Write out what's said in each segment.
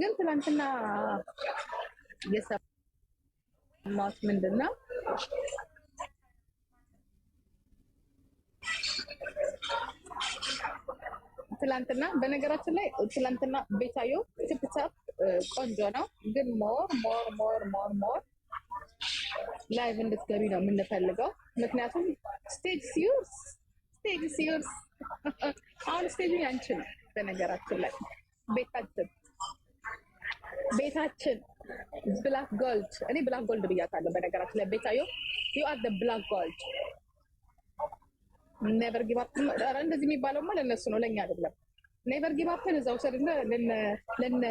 ግን ትናንትና የሰማት ምንድን ነው ትላንትና በነገራችን ላይ ትላንትና ቤታዮ ትፕታፕ ቆንጆ ነው፣ ግን ሞር ሞር ሞር ሞር ሞር ላይቭ እንድትገቢ ነው የምንፈልገው። ምክንያቱም ስቴጅ ሲዩርስ ስቴጅ ሲዩርስ አሁን ስቴጅ ያንቺ በነገራችን ላይ ቤታ ቤታችን ብላክ ጎልድ እኔ ብላክ ጎልድ ብያታለሁ። በነገራችን ላይ ቤታዮ ዩ አር ብላክ ጎልድ ኔቨር ጊቭ አፕ። ኧረ እንደዚህ የሚባለውማ ለእነሱ ነው ለእኛ አይደለም። ኔቨር ጊቭ አፕን እዛ ውሰድና ለነ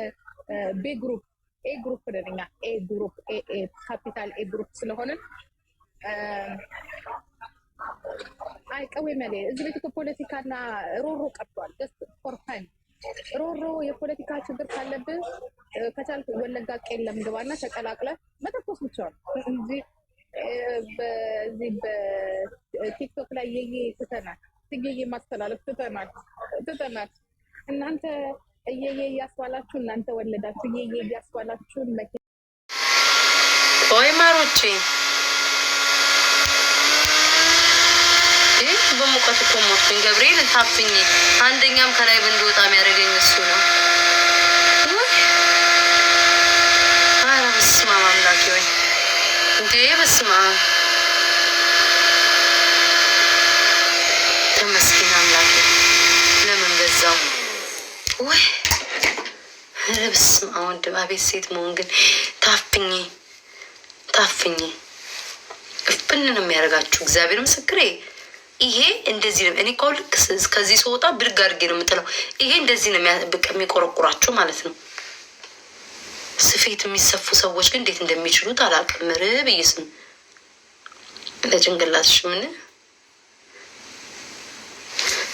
ቤ ግሩፕ ኤ ግሩፕ ነን እኛ ኤ ግሩፕ ኤ ኤ ካፒታል ኤ ግሩፕ ስለሆነን አይ ቀዌ መሌ እዚህ ቤት እኮ ፖለቲካና ሮሮ ቀርቷል። ጀስት ፎር ሮሮ የፖለቲካ ችግር ካለብን ከቻልክ ወለጋ ቄለም ግባና ተቀላቅለ መተኮስ ብቻ ነው እንጂ በዚህ በቲክቶክ ላይ የየ ትተናል፣ ትየየ ማስተላለፍ ትተናል ትተናል። እናንተ እየየ እያስባላችሁ እናንተ ወለዳችሁ እየየ እያስባላችሁ መኪና ወይ ማሮቼ በሙቀት እኮ ሞትኩኝ። ገብርኤል ታፍኝ አንደኛም ከላይ ብንድወጣ የሚያደርገኝ እሱ ነው። የበስማ ተመስገን አምላክ ለምን ገዛው ወንድ ሴት መሆን ግን ታፍኝ ታፍኝ እፍን ነው የሚያደርጋችሁ። እግዚአብሔር ምስክሬ ይሄ እንደዚህ ነው። እኔ እኮ ልክ ከዚህ ስወጣ ብድግ አድርጌ ነው የምጥለው። ይሄ እንደዚህ ነው የሚቆረቁራችሁ ማለት ነው። ስፌት የሚሰፉ ሰዎች ግን እንዴት እንደሚችሉት አላውቅም። ርብ ይስም ለጭንቅላትሽ ምን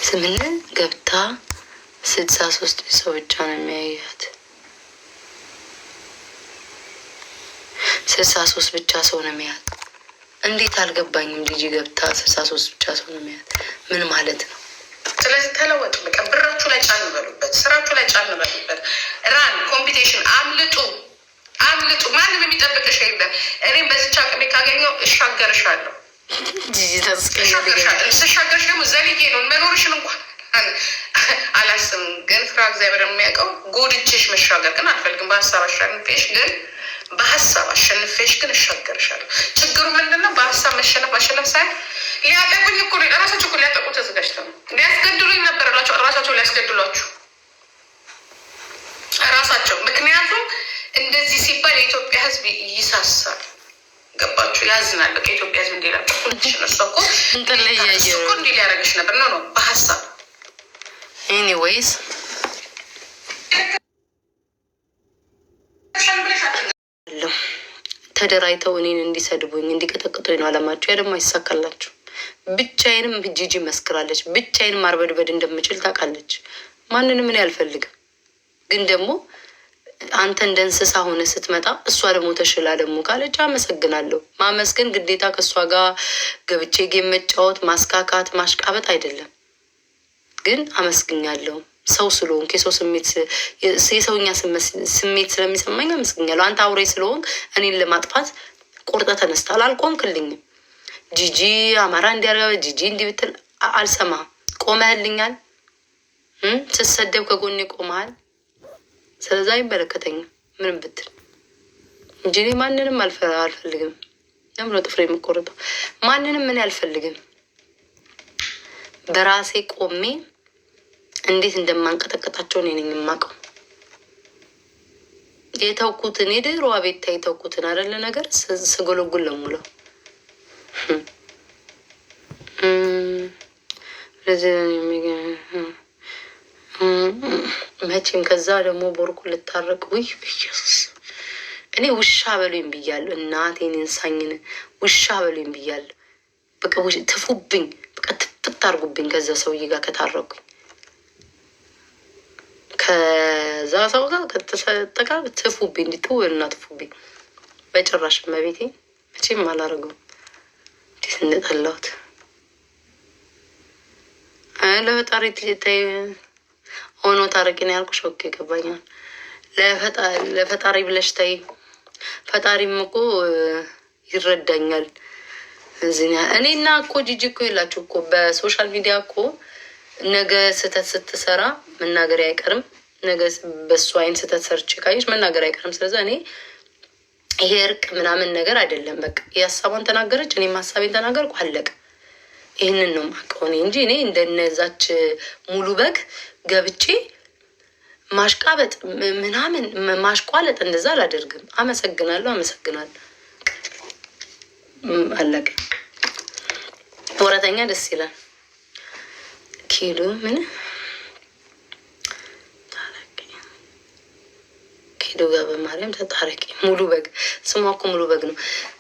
ስምን ገብታ ስድሳ ሶስት ሰው ብቻ ነው የሚያያት። ስድሳ ሶስት ብቻ ሰው ነው የሚያያት። እንዴት አልገባኝም። ልጅ ገብታ ስድሳ ሶስት ብቻ ሰው ነው የሚያያት። ምን ማለት ነው? ስለዚህ ተለወጡ። በቃ ብራችሁ ላይ ጫን በሉበት፣ ስራችሁ ላይ ጫን በሉበት። ራን ኮምፒቴሽን አምልጡ፣ አምልጡ። ማንም የሚጠብቅሽ የለም። እኔም በዚች አቅሜ ካገኘው እሻገርሻለሁ፣ እሻገርሻለሁ። ስሻገርሽ ደግሞ ዘልጌ ነው መኖርሽን እንኳን አላስብም። ግን ፍራ እግዚአብሔር የሚያውቀው ጎድቼሽ መሻገር ግን አልፈልግም። በሀሳብ አሻንፌሽ ግን በሀሳብ አሸንፌሽ ግን እሻገርሻለሁ። ችግሩ ምንድነው? በሀሳብ መሸነፍ ማሸነፍ ሳይሆን ሊያጠቁኝ እኮ ራሳቸው እኮ ሊያጠቁ ተዘጋጅተው ሊያስገድሉኝ ነበረላቸው ራሳቸው ሊያስገድሏችሁ ራሳቸው። ምክንያቱም እንደዚህ ሲባል የኢትዮጵያ ሕዝብ ይሳሳል። ገባችሁ? ያዝናል። በቃ የኢትዮጵያ ሕዝብ እንዲ ላጠቁልሽ እኮ እንዲ ሊያደረግሽ ነበር ነው ነው በሀሳብ ኤኒዌይስ ተደራጅተው እኔን እንዲሰድቡኝ እንዲቀጠቅጡኝ ነው አለማቸው። ያ ደግሞ አይሳካላቸው። ብቻዬንም ጂጂ መስክራለች። ብቻዬንም አርበድበድ እንደምችል ታውቃለች። ማንንም እኔ አልፈልግም። ግን ደግሞ አንተ እንደ እንስሳ ሆነ ስትመጣ እሷ ደግሞ ተሽላ ደግሞ ካለች አመሰግናለሁ። ማመስገን ግዴታ ከእሷ ጋር ገብቼ ጌም መጫወት፣ ማስካካት፣ ማሽቃበጥ አይደለም። ግን አመስግኛለሁ። ሰው ስለሆንክ የሰው ስሜት የሰውኛ ስሜት ስለሚሰማኝ አመስግኛለሁ። አንተ አውሬ ስለሆንክ እኔን ለማጥፋት ቁርጠ ተነስታል። አልቆምክልኝም። ጂጂ አማራ እንዲያርጋ ጂጂ እንዲህ ብትል አልሰማ ቆመህልኛል። ስትሰደብ ከጎኔ ቆመሃል። ስለዛ አይመለከተኝም ምንም ብትል እንጂ እኔ ማንንም አልፈልግም። ለምሎ ጥፍሬ የምቆርጠው ማንንም ምን አልፈልግም። በራሴ ቆሜ እንዴት እንደማንቀጠቀጣቸው እኔ ነኝ የማውቀው። የተውኩትን የድሮ ቤታ የተውኩትን አይደለ ነገር ስጎለጉል ነው ለሙለው መቼም ከዛ ደግሞ ቦርቁ ልታረቅ ውይ ኢየሱስ እኔ ውሻ በሉኝ ብያለሁ። እናቴን እንሳኝን ውሻ በሉኝ ብያለሁ። በቃ ትፉብኝ፣ በቃ ትፍት አርጉብኝ ከዛ ሰውዬ ጋር ከታረቁኝ ከዛ ሰው ጋር ከተሰጠቃ ትፉብኝ እንዲትው እና ትፉብኝ በጭራሽ መቤቴ መቼም አላረገው። እንዴት እንደጠላሁት ለፈጣሪ ታይ ሆኖ ታረቂ ነው ያልኩሽ። ኦኬ ይገባኛል። ለፈጣሪ ብለሽ ታይ። ፈጣሪም እኮ ይረዳኛል። እዚህኛ እኔ እና እኮ ጂጂ እኮ የላችሁ እኮ በሶሻል ሚዲያ እኮ ነገ ስህተት ስትሰራ መናገር አይቀርም። ነገ በሱ አይን ስህተት ሰርቼ ካየች መናገር አይቀርም። ስለዛ እኔ ይሄ እርቅ ምናምን ነገር አይደለም። በቃ የሀሳቧን ተናገረች፣ እኔም ሀሳቤን ተናገርኩ፣ አለቀ። ይህንን ነው የማውቀው እኔ እንጂ እኔ እንደነዛች ሙሉ በግ ገብቼ ማሽቃበጥ ምናምን ማሽቋለጥ እንደዛ አላደርግም። አመሰግናለሁ፣ አመሰግናለሁ። አለቀ። ወረተኛ ደስ ይላል ኪሉ ምን ከኪዱ ጋር በማርያም ተጣረቂ። ሙሉ በግ ስሟ እኮ ሙሉ በግ ነው።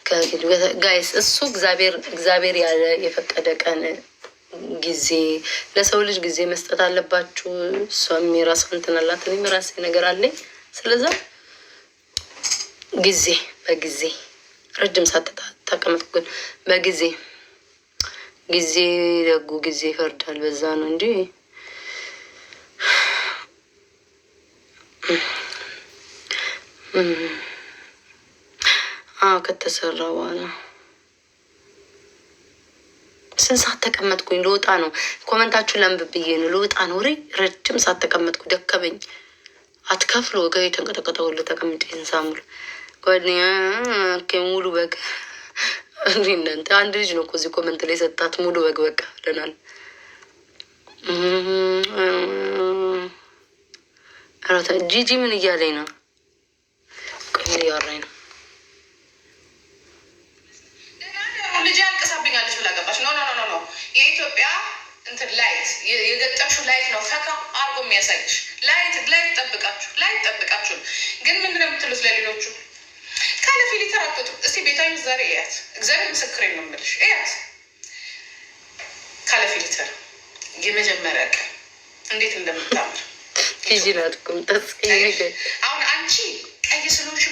ከኪዱ ጋይስ እሱ እግዚአብሔር ያለ የፈቀደ ቀን ጊዜ ለሰው ልጅ ጊዜ መስጠት አለባችሁ። እሷም የራሷን እንትን አላት፣ እኔም ራሴ ነገር አለኝ። ስለዛ ጊዜ በጊዜ ረጅም ሰዓት ተቀመጥኩ፣ ግን በጊዜ ጊዜ ደጉ ጊዜ ይፈርዳል። በዛ ነው እንጂ አዎ ከተሰራ በኋላ ስንት ሰዓት ተቀመጥኩኝ? ልወጣ ነው። ኮመንታችሁ ለንብብ ብዬ ነው። ልወጣ ነው። ሬ ረጅም ሰዓት ተቀመጥኩ፣ ደከመኝ። አትከፍሉ ወገ የተንቀጠቀጠ ሁሉ ተቀምጬ እንሳሙል ጓደኛ ሙሉ በግ እናንተ አንድ ልጅ ነው እዚህ ኮመንት ላይ ሰጣት። ሙሉ በግ በቃ ብለናል። ጂጂ ምን እያለኝ ነው? ምን እያወራኝ ነው? ልጅ ያልቀሳብኛለች ብላ ገባች። ኖ ኖ ኖ ኖ የኢትዮጵያ እንትን ላይት የገጠምሽው ላይት ነው ፈካ አርጎ የሚያሳይሽ ላይት ላይት ጠብቃችሁ ላይት ጠብቃችሁ ግን ምንድነው የምትሉት ለሌሎቹ ካለ ፊልተር አትወጡ። እስቲ ቤታዊ ዛሬ እያት፣ እግዚአብሔር ምስክሬ ነው የምልሽ እያት ካለ ፊልተር የመጀመሪያ ቀን እንዴት እንደምታምር ልጅ ናት። ቁምጣ አሁን አንቺ ቀይ ስለሆንሽ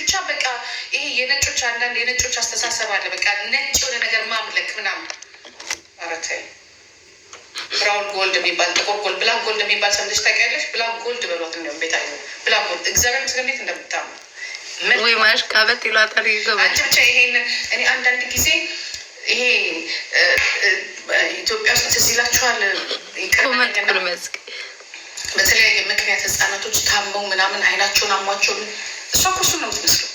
ይሄ የነጮች አንዳንድ የነጮች አስተሳሰብ አለ። በቃ ነጭ የሆነ ነገር ማምለክ ምናምን ማረታይ ብራውን ጎልድ የሚባል ጥቁር ጎልድ፣ ብላክ ጎልድ የሚባል ሰምተሽ ታውቂያለሽ? ብላክ ጎልድ በሏት እንደም ቤታ ብላክ ጎልድ እግዚአብሔር ምስል እንዴት እንደምታም ወይ ማሽቃበጥ ይሏታል። ይገባል ብቻ ይሄን እኔ አንዳንድ ጊዜ ይሄ ኢትዮጵያ ውስጥ ትዝ ይላችኋል በተለያየ ምክንያት ህጻናቶች ታመው ምናምን አይናቸውን አሟቸውን እሷ ኮሱ ነው የምትመስለው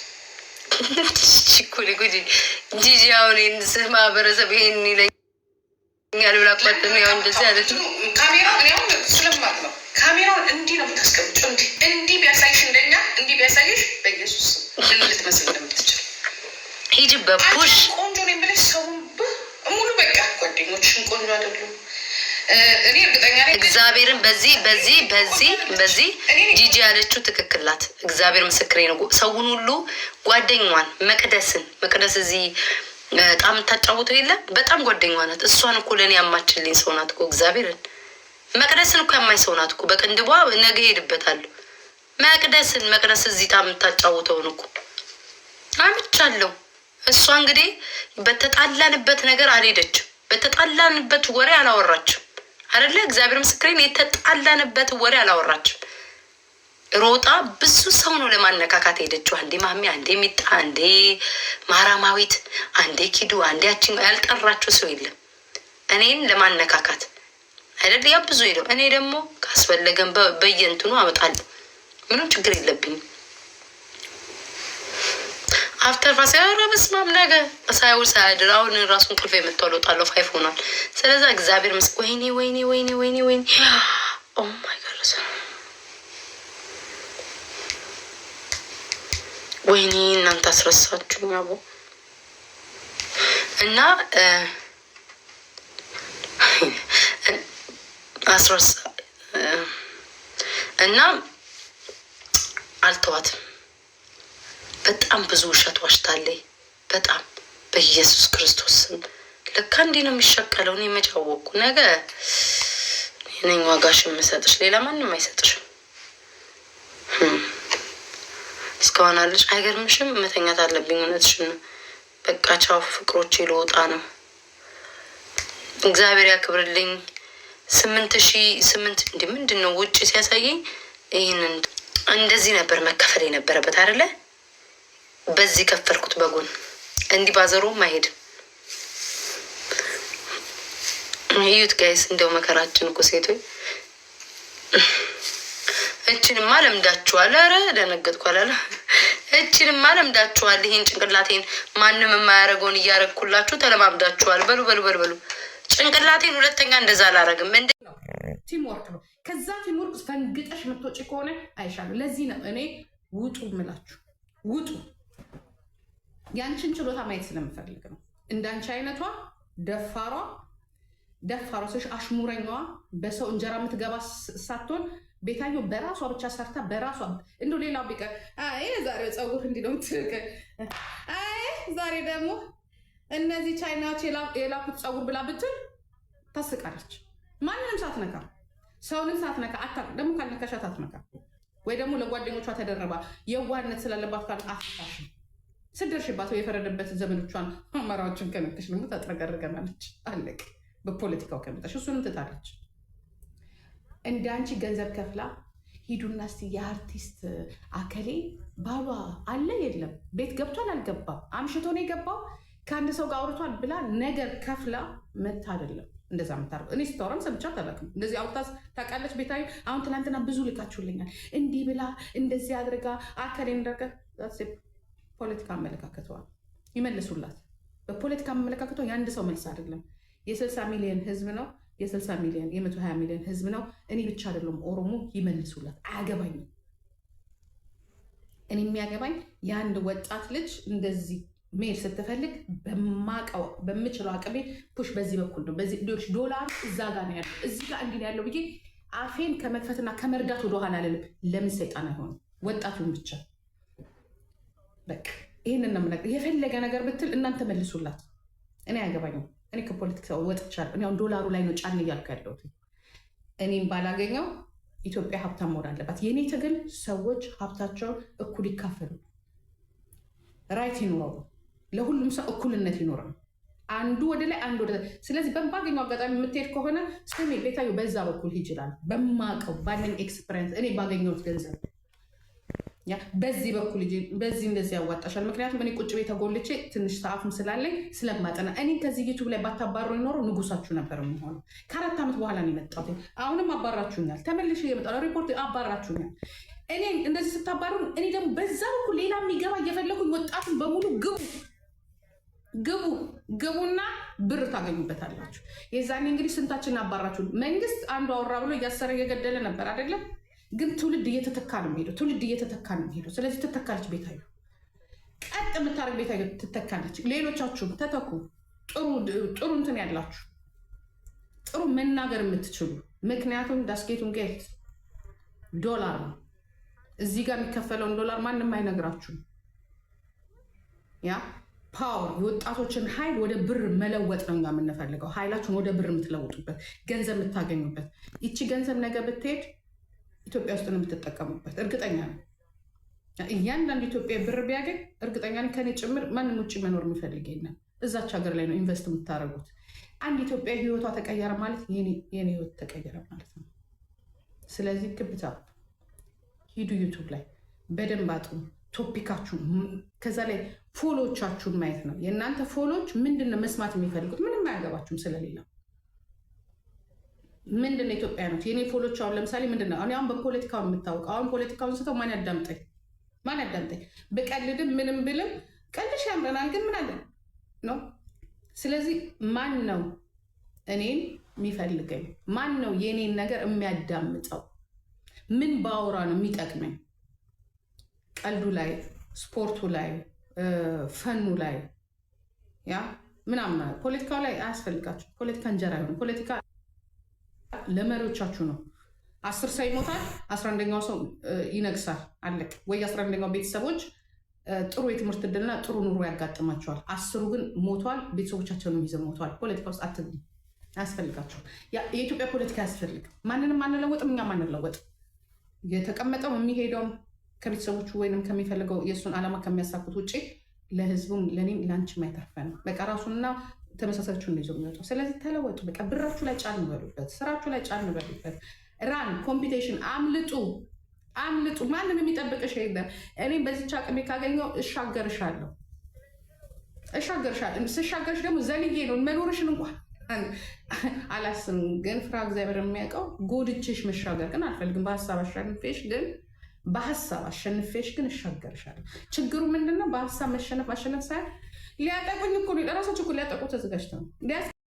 ችኩል ጉድ ጂጂ አሁን ማህበረሰብ ይሄን ይለኛል ብላ ያው እንደዚህ አለች። ካሜራ እኔ አሁን ስለማት ነው ካሜራውን እንዲህ ነው የምታስቀምጪው። እንዲህ እንዲህ ቢያሳይሽ እንደኛ እንዲህ ቢያሳይሽ በኢየሱስ ልትመስል እንደምትችል ሂጅ በፑሽ ቆንጆ ነው የምልሽ ሰውን ሙሉ በቃ ጓደኞችሽን ቆንጆ አይደሉም እግዚአብሔርን በዚህ በዚህ በዚህ በዚህ ጂጂ ያለችው ትክክል ናት። እግዚአብሔር ምስክሬ ነው። ሰውን ሁሉ ጓደኛዋን መቅደስን መቅደስ እዚህ በጣም የምታጫወተው የለ በጣም ጓደኛዋ ናት። እሷን እኮ ለእኔ ያማችልኝ ሰው ናት እኮ እግዚአብሔርን መቅደስን እኮ ያማኝ ሰው ናት እኮ በቅንድቧ ነገ ሄድበታለሁ። መቅደስን መቅደስ እዚህ ጣም የምታጫወተውን እኮ አምቻለሁ። እሷ እንግዲህ በተጣላንበት ነገር አልሄደችም። በተጣላንበት ወሬ አላወራችም። አይደለ? እግዚአብሔር ምስክሬን የተጣላንበት ወሬ አላወራችም። ሮጣ ብዙ ሰው ነው ለማነካካት ሄደችው። አንዴ ማሚ፣ አንዴ ሚጣ፣ አንዴ ማራማዊት፣ አንዴ ኪዱ፣ አንዴ ያችን ያልጠራችው ሰው የለም እኔን ለማነካካት አይደል? ያ ብዙ ሄደው እኔ ደግሞ ካስፈለገን በየንትኑ አመጣለሁ። ምንም ችግር የለብኝም። አፍተር ፋ ሲያወራ በስማም ነገ ሳይውል ሳያድር አሁን ራሱ እንቅልፍ የመጣው ለውጣለሁ ፋይፍ ሆኗል። ስለዚ እግዚአብሔር ምስ ወይኔ ወይኔ ወይኔ ወይኔ ወይኔ ኦ oh ማይ ወይኔ እናንተ አስረሳችሁኝ አቦ እና አስረሳ እና አልተዋትም በጣም ብዙ ውሸት ዋሽታለይ። በጣም በኢየሱስ ክርስቶስ ስም ለካ እንዲህ ነው የሚሸቀለው። እኔ መቼ አወቅኩ? ነገ ነኝ ዋጋሽ የምሰጥሽ፣ ሌላ ማንም አይሰጥሽም። እስካሁን አለሽ። አይገርምሽም? መተኛት አለብኝ። እውነትሽን ነው። በቃ ቻው ፍቅሮቼ፣ ልወጣ ነው። እግዚአብሔር ያክብርልኝ። ስምንት ሺ ስምንት እንዲ ምንድን ነው ውጭ ሲያሳየኝ ይህን እንደዚህ ነበር መከፈል የነበረበት አይደለ? በዚህ ከፈልኩት በጎን እንዲህ ባዘሩም ማሄድ እዩት ጋይስ፣ እንደው መከራችን እኮ ሴቶች እችንማ ለምዳችኋል። ኧረ ደነገጥኳል። አለ እችንማ ለምዳችኋል። ይህን ጭንቅላቴን ማንም የማያደርገውን እያደረግኩላችሁ ተለማምዳችኋል። በሉ በሉ በሉ በሉ። ጭንቅላቴን ሁለተኛ እንደዛ አላረግም። እንደ ቲምወርክ ነው። ከዛ ቲምወርክ ፈንግጠሽ ምትወጪ ከሆነ አይሻልም። ለዚህ ነው እኔ ውጡ ምላችሁ ውጡ ያንቺን ችሎታ ማየት ስለምፈልግ ነው። እንዳንቺ አይነቷ ደፋሯ ደፋሯ ስሽ አሽሙረኛዋ በሰው እንጀራ የምትገባ ሳትሆን ቤታዮ በራሷ ብቻ ሰርታ በራሷ እንደ ሌላው ቢቀር ዛሬው ፀጉር እንዲህ ነው የምትልከኝ፣ ዛሬ ደግሞ እነዚህ ቻይናዎች የላኩት ፀጉር ብላ ብትል ታስቃለች። ማንንም ሳትነካ ሰውንም ሳትነካ ደግሞ ካልነካሻት አትነካ ወይ ደግሞ ለጓደኞቿ ተደረባ የዋህነት ስላለባት ካል አፍታሽ ስደርሽባት የፈረደበትን ዘመኖቿን አማራዎችን ከመተሽ ደግሞ ታጥረገርገናለች። አለቅ በፖለቲካው ከመጣሽ እሱንም ትታለች። እንደ አንቺ ገንዘብ ከፍላ ሂዱና እስቲ የአርቲስት አከሌ ባሏ አለ የለም ቤት ገብቷል አልገባም አምሽቶ ነው የገባው ከአንድ ሰው ጋር አውርቷል ብላ ነገር ከፍላ መታ አይደለም እንደዛ ምታር እኔ ስታወራም ሰምቻት አላውቅም። እንደዚህ አውጥታ ታውቃለች። ቤታዊ አሁን ትናንትና ብዙ ልካችሁልኛል። እንዲህ ብላ እንደዚህ አድርጋ አከሌ እንዳርጋ ፖለቲካ አመለካከቷ ይመልሱላት። በፖለቲካ አመለካከቷ የአንድ ሰው መልስ አይደለም። የ60 ሚሊዮን ህዝብ ነው የ60 ሚሊዮን የ120 ሚሊዮን ህዝብ ነው። እኔ ብቻ አይደለም ኦሮሞ ይመልሱላት። አያገባኝም። እኔ የሚያገባኝ የአንድ ወጣት ልጅ እንደዚህ መሄድ ስትፈልግ በማቀው በምችለው አቅሜ ፑሽ በዚህ በኩል ነው። ዶላር እዛ ጋ ነው ያለው፣ እዚህ ጋ እንዲህ ያለው ብዬ አፌን ከመክፈትና ከመርዳት ወደኋላ ልልብ ለምን ሰይጣን አይሆንም? ወጣቱን ብቻ በቃ የፈለገ ነገር ብትል እናንተ መልሱላት። እኔ አያገባኝም። እኔ ከፖለቲካ ወጥቻለሁ። እኔ አሁን ዶላሩ ላይ ነው ጫን እያልኩ ያለሁት። እኔም ባላገኘው ኢትዮጵያ ሀብታም መሆን አለባት። የእኔ ትግል ሰዎች ሀብታቸውን እኩል ይካፈሉ፣ ራይት ይኖረው፣ ለሁሉም ሰው እኩልነት ይኖረው፣ አንዱ ወደ ላይ አንዱ ወደ ስለዚህ በማገኘው አጋጣሚ የምትሄድ ከሆነ ስሜ ቤታዩ በዛ በኩል ይችላል በማቀው ባለኝ ኤክስፐሪንስ እኔ ባገኘሁት ገንዘብ በዚህ በኩል በዚህ እንደዚህ ያዋጣሻል። ምክንያቱም እኔ ቁጭ ቤት ተጎልቼ ትንሽ ሰዓቱም ስላለኝ ስለማጠና እኔ ከዚህ ዩቱብ ላይ ባታባሩ ይኖሩ ንጉሳችሁ ነበር የሚሆኑ። ከአራት ዓመት በኋላ ነው የመጣሁት። አሁንም አባራችሁኛል። ተመልሼ እየመጣሁ ሪፖርት አባራችሁኛል። እኔ እንደዚህ ስታባሩ፣ እኔ ደግሞ በዛ በኩል ሌላ የሚገባ እየፈለጉኝ ወጣቱን በሙሉ ግቡ ግቡ ግቡና ብር ታገኙበታላችሁ። የዛኔ እንግዲህ ስንታችን አባራችሁ። መንግስት አንዱ አወራ ብሎ እያሰረ እየገደለ ነበር አይደለም ግን ትውልድ እየተተካ ነው የሚሄደው። ትውልድ እየተተካ ነው የሚሄደው። ስለዚህ ትተካለች። ቤታዩ ቀጥ የምታደርግ ቤታዩ ትተካለች። ሌሎቻችሁም ተተኩ። ጥሩ እንትን ያላችሁ ጥሩ መናገር የምትችሉ ምክንያቱም ዳስጌቱን ጌት ዶላር ነው። እዚህ ጋር የሚከፈለውን ዶላር ማንም አይነግራችሁም። ያ ፓወር የወጣቶችን ኃይል ወደ ብር መለወጥ ነው እኛ የምንፈልገው። ኃይላችሁን ወደ ብር የምትለውጡበት ገንዘብ የምታገኙበት ይቺ ገንዘብ ነገ ብትሄድ ኢትዮጵያ ውስጥ ነው የምትጠቀሙበት። እርግጠኛ ነው እያንዳንዱ ኢትዮጵያ ብር ቢያገኝ እርግጠኛ ነኝ ከኔ ጭምር ማንም ውጭ መኖር የሚፈልግ የለም። እዛች ሀገር ላይ ነው ኢንቨስት የምታደርጉት። አንድ ኢትዮጵያ ህይወቷ ተቀየረ ማለት የኔ ህይወት ተቀየረ ማለት ነው። ስለዚህ ግብታ ሂዱ ዩቱብ ላይ በደንብ አጥኑ ቶፒካችሁ ከዛ ላይ ፎሎዎቻችሁን ማየት ነው። የእናንተ ፎሎዎች ምንድን ነው መስማት የሚፈልጉት? ምንም አያገባችሁም ስለሌለው ምንድን ነው ኢትዮጵያኖች የኔ ፎሎች አሁን ለምሳሌ ምንድን ነው አሁን በፖለቲካውን የምታወቀው አሁን ፖለቲካውን ስተው ማን ያዳምጠኝ ማን ያዳምጠኝ ብቀልድም ምንም ብልም ቀልሽ ያምረናል ግን ምን አለን ነው ስለዚህ ማን ነው እኔን የሚፈልገኝ ማን ነው የእኔን ነገር የሚያዳምጠው ምን በአውራ ነው የሚጠቅመኝ ቀልዱ ላይ ስፖርቱ ላይ ፈኑ ላይ ያ ምናምን ፖለቲካው ላይ አያስፈልጋቸው ፖለቲካ እንጀራ ይሆን ፖለቲካ ለመሪዎቻችሁ ነው። አስር ሰው ይሞታል፣ አስራ አንደኛው ሰው ይነግሳል። አለቅ ወይ አስራ አንደኛው ቤተሰቦች ጥሩ የትምህርት እድልና ጥሩ ኑሮ ያጋጥማቸዋል። አስሩ ግን ሞቷል፣ ቤተሰቦቻቸውን ይዘው ሞቷል። ፖለቲካ ውስጥ አትግቡ፣ አያስፈልጋቸውም። የኢትዮጵያ ፖለቲካ ያስፈልግ ማንንም አንለወጥም፣ እኛም አንለወጥ። የተቀመጠው የሚሄደውም ከቤተሰቦቹ ወይንም ከሚፈልገው የእሱን ዓላማ ከሚያሳኩት ውጭ ለህዝቡም ለእኔም ለአንቺም አይተርፈንም። በቃ ራሱና ተመሳሳያችሁን ይዞ የሚወጣው። ስለዚህ ተለወጡ። በቃ ብራችሁ ላይ ጫን በሉበት፣ ስራችሁ ላይ ጫን በሉበት። ራን ኮምፒቴሽን አምልጡ፣ አምልጡ። ማንም የሚጠብቅሽ የለም። እኔም በዚች አቅሜ ካገኘው እሻገርሻለሁ፣ እሻገርሻለሁ። ስሻገርሽ ደግሞ ዘልዬ ነው መኖርሽን እንኳን አላስም። ግን ፍራ እግዚአብሔር የሚያውቀው ጎድቼሽ መሻገር ግን አልፈልግም። በሀሳብ አሸንፌሽ ግን በሀሳብ አሸንፌሽ ግን እሻገርሻለሁ። ችግሩ ምንድነው? በሀሳብ መሸነፍ አሸነፍ ሳይሆን ሊያጠቁኝ እኮ ራሳቸው ሊያጠቁ ተዘጋጅተው